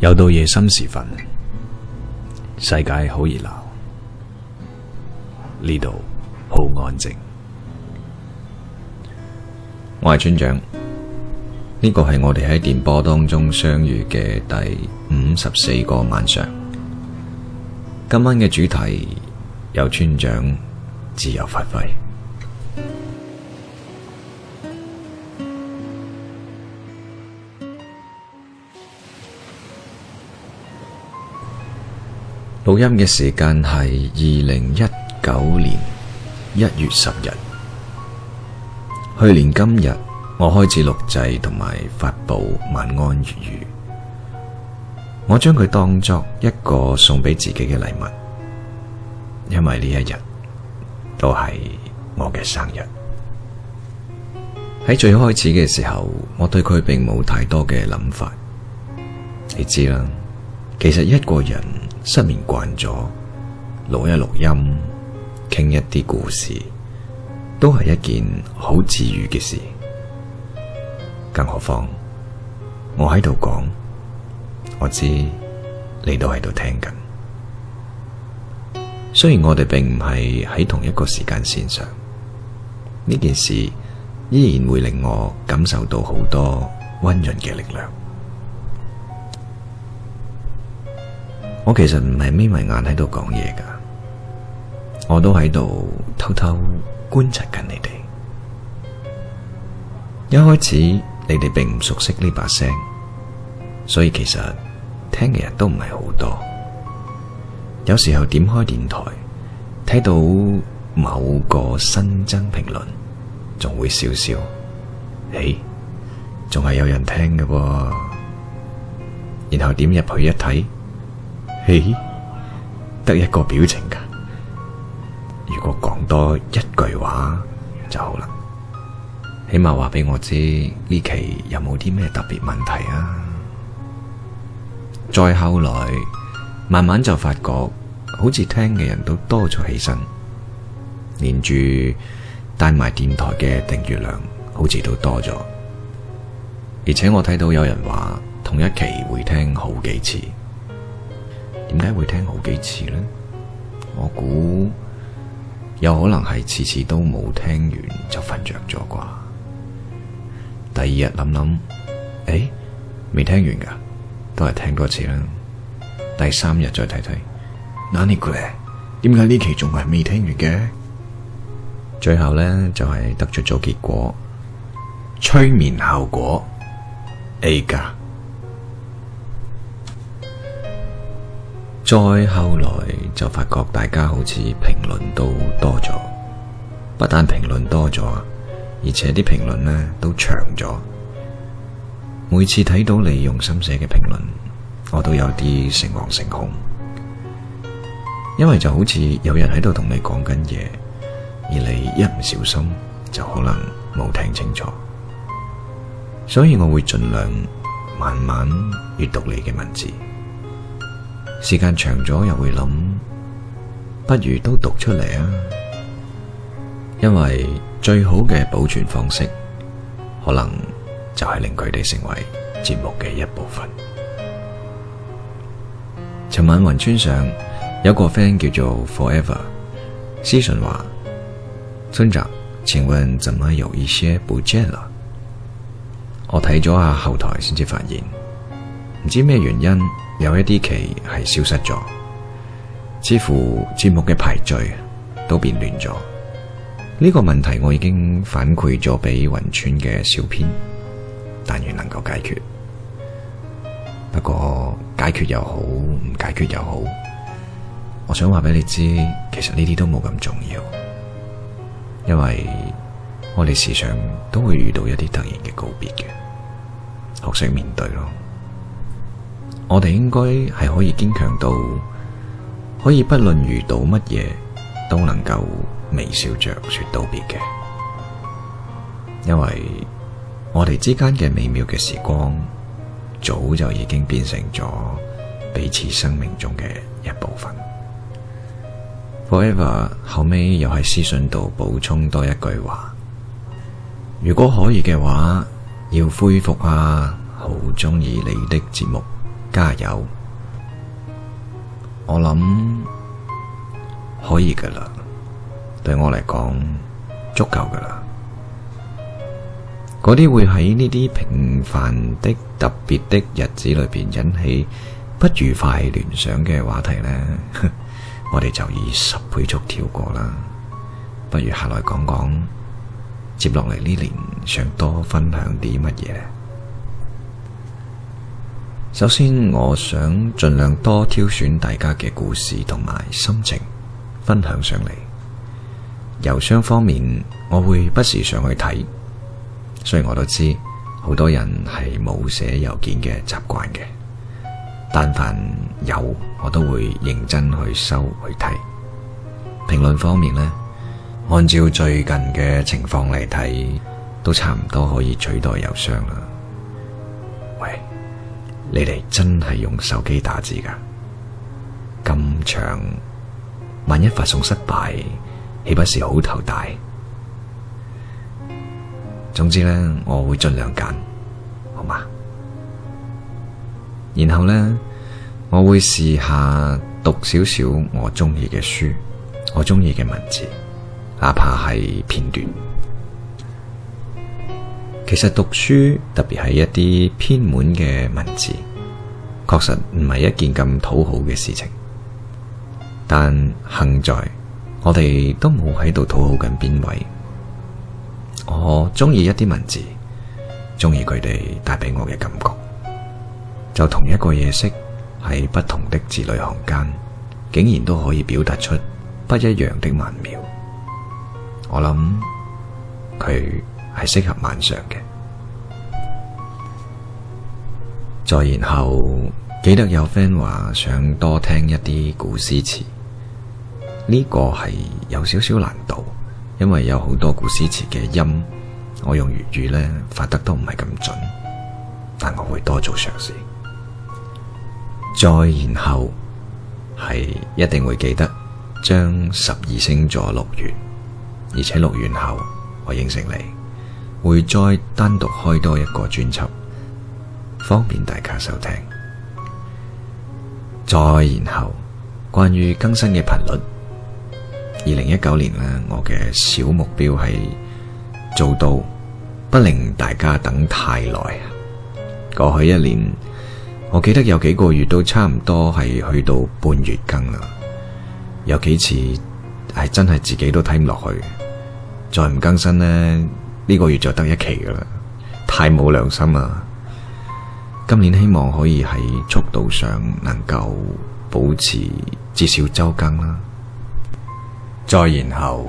又到夜深時分，世界好熱鬧，呢度好安靜。我係村長，呢個係我哋喺電波當中相遇嘅第五十四個晚上。今晚嘅主題由村長自由發揮。錄音嘅時間係二零一九年一月十日，去年今日我開始錄製同埋發佈晚安粵語，我將佢當作一個送俾自己嘅禮物，因為呢一日都係我嘅生日。喺最開始嘅時候，我對佢並冇太多嘅諗法，你知啦。其實一個人。失眠慣咗，錄一錄音，傾一啲故事，都係一件好治癒嘅事。更何況我喺度講，我知你都喺度聽緊。雖然我哋並唔係喺同一個時間線上，呢件事依然會令我感受到好多溫潤嘅力量。我其實唔係眯埋眼喺度講嘢噶，我都喺度偷偷觀察緊你哋。一開始你哋並唔熟悉呢把聲，所以其實聽嘅人都唔係好多。有時候點開電台，睇到某個新增評論，仲會笑笑，嘿，仲係有人聽嘅噃，啊。然後點入去一睇。嘿，得一個表情噶，如果講多一句話就好啦，起碼話俾我知呢期有冇啲咩特別問題啊！再後來，慢慢就發覺好似聽嘅人都多咗起身，連住帶埋電台嘅訂閱量好似都多咗，而且我睇到有人話同一期會聽好幾次。點解會聽好幾次呢？我估有可能係次次都冇聽完就瞓着咗啩。第二日諗諗，誒、欸，未聽完噶，都係聽多次啦。第三日再睇睇，納尼酷列？點解呢期仲係未聽完嘅？最後呢，就係、是、得出咗結果，催眠效果 A 加。再後來就發覺大家好似評論都多咗，不但評論多咗，而且啲評論呢都長咗。每次睇到你用心寫嘅評論，我都有啲誠惶誠恐，因為就好似有人喺度同你講緊嘢，而你一唔小心就可能冇聽清楚，所以我會盡量慢慢閱讀你嘅文字。時間長咗又會諗，不如都讀出嚟啊！因為最好嘅保存方式，可能就係令佢哋成為節目嘅一部分。尋晚雲村上有個 fan 叫做 Forever 私信話：村長，請問怎麼有一些不見了？我睇咗下後台先至發現。唔知咩原因，有一啲期係消失咗，似乎節目嘅排序都變亂咗。呢個問題我已經反饋咗俾雲村嘅小編，但願能夠解決。不過解決又好，唔解決又好，我想話俾你知，其實呢啲都冇咁重要，因為我哋時常都會遇到一啲突然嘅告別嘅，學識面對咯。我哋應該係可以堅強到，可以不論遇到乜嘢都能夠微笑着說道別嘅，因為我哋之間嘅美妙嘅時光早就已經變成咗彼此生命中嘅一部分。Forever 後尾又喺私信度補充多一句話：如果可以嘅話，要恢復下，好中意你的節目。加油！我諗可以噶啦，對我嚟講足夠噶啦。嗰啲會喺呢啲平凡的特別的日子裏邊引起不愉快聯想嘅話題呢， 我哋就以十倍速跳過啦。不如下來講講，接落嚟呢年想多分享啲乜嘢？首先，我想盡量多挑選大家嘅故事同埋心情分享上嚟。郵箱方面，我會不時上去睇，雖然我都知好多人係冇寫郵件嘅習慣嘅。但凡有，我都會認真去收去睇。評論方面呢，按照最近嘅情況嚟睇，都差唔多可以取代郵箱啦。喂。你哋真係用手機打字㗎？咁長，萬一發送失敗，豈不是好頭大？總之呢，我會盡量揀，好嗎？然後呢，我會試下讀少少我中意嘅書，我中意嘅文字，哪怕係片段。其實讀書，特別係一啲偏門嘅文字，確實唔係一件咁討好嘅事情。但幸在，我哋都冇喺度討好緊邊位。我中意一啲文字，中意佢哋帶俾我嘅感覺。就同一個夜色，喺不同的字裏行間，竟然都可以表達出不一樣的曼妙。我諗佢。係適合晚上嘅。再然後，記得有 fan 話想多聽一啲古詩詞，呢個係有少少難度，因為有好多古詩詞嘅音，我用粵語呢發得都唔係咁準，但我會多做嘗試。再然後係一定會記得將十二星座錄完，而且錄完後我應承你。會再單獨開多一個專輯，方便大家收聽。再然後，關於更新嘅頻率，二零一九年呢，我嘅小目標係做到不令大家等太耐。過去一年，我記得有幾個月都差唔多係去到半月更啦，有幾次係真係自己都睇唔落去，再唔更新呢。呢個月就得一期噶啦，太冇良心啦。今年希望可以喺速度上能夠保持至少周更啦。再然後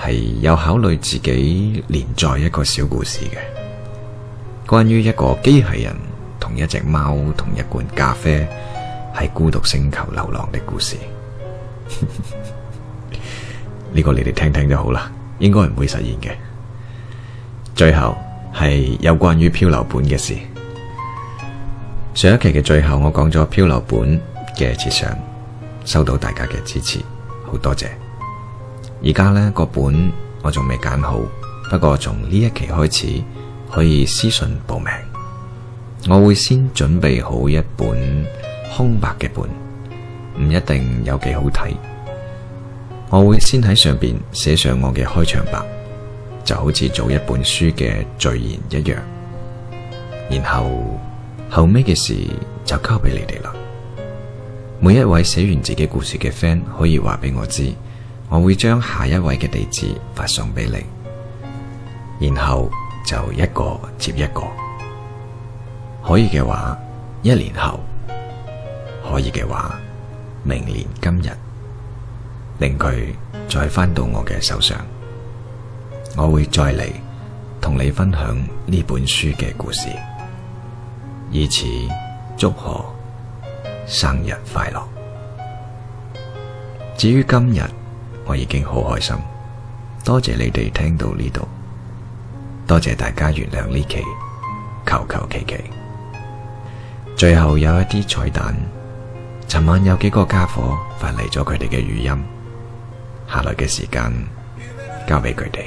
係有考慮自己連載一個小故事嘅，關於一個機器人同一隻貓同一罐咖啡喺孤獨星球流浪的故事。呢 個你哋聽聽就好啦，應該唔會實現嘅。最後係有關於漂流本嘅事。上一期嘅最後，我講咗漂流本嘅設想，收到大家嘅支持，好多謝。而家呢個本我仲未揀好，不過從呢一期開始可以私信報名。我會先準備好一本空白嘅本，唔一定有幾好睇。我會先喺上邊寫上我嘅開場白。就好似做一本書嘅序言一樣，然後後尾嘅事就交俾你哋啦。每一位寫完自己故事嘅 friend 可以話俾我知，我會將下一位嘅地址發送俾你，然後就一個接一個。可以嘅話，一年後；可以嘅話，明年今日，令佢再翻到我嘅手上。我會再嚟同你分享呢本書嘅故事，以此祝賀，生日快樂。至於今日，我已經好開心，多謝你哋聽到呢度，多謝大家原諒呢期，求求其其。最後有一啲彩蛋，尋晚有幾個家伙發嚟咗佢哋嘅語音，下來嘅時間交俾佢哋。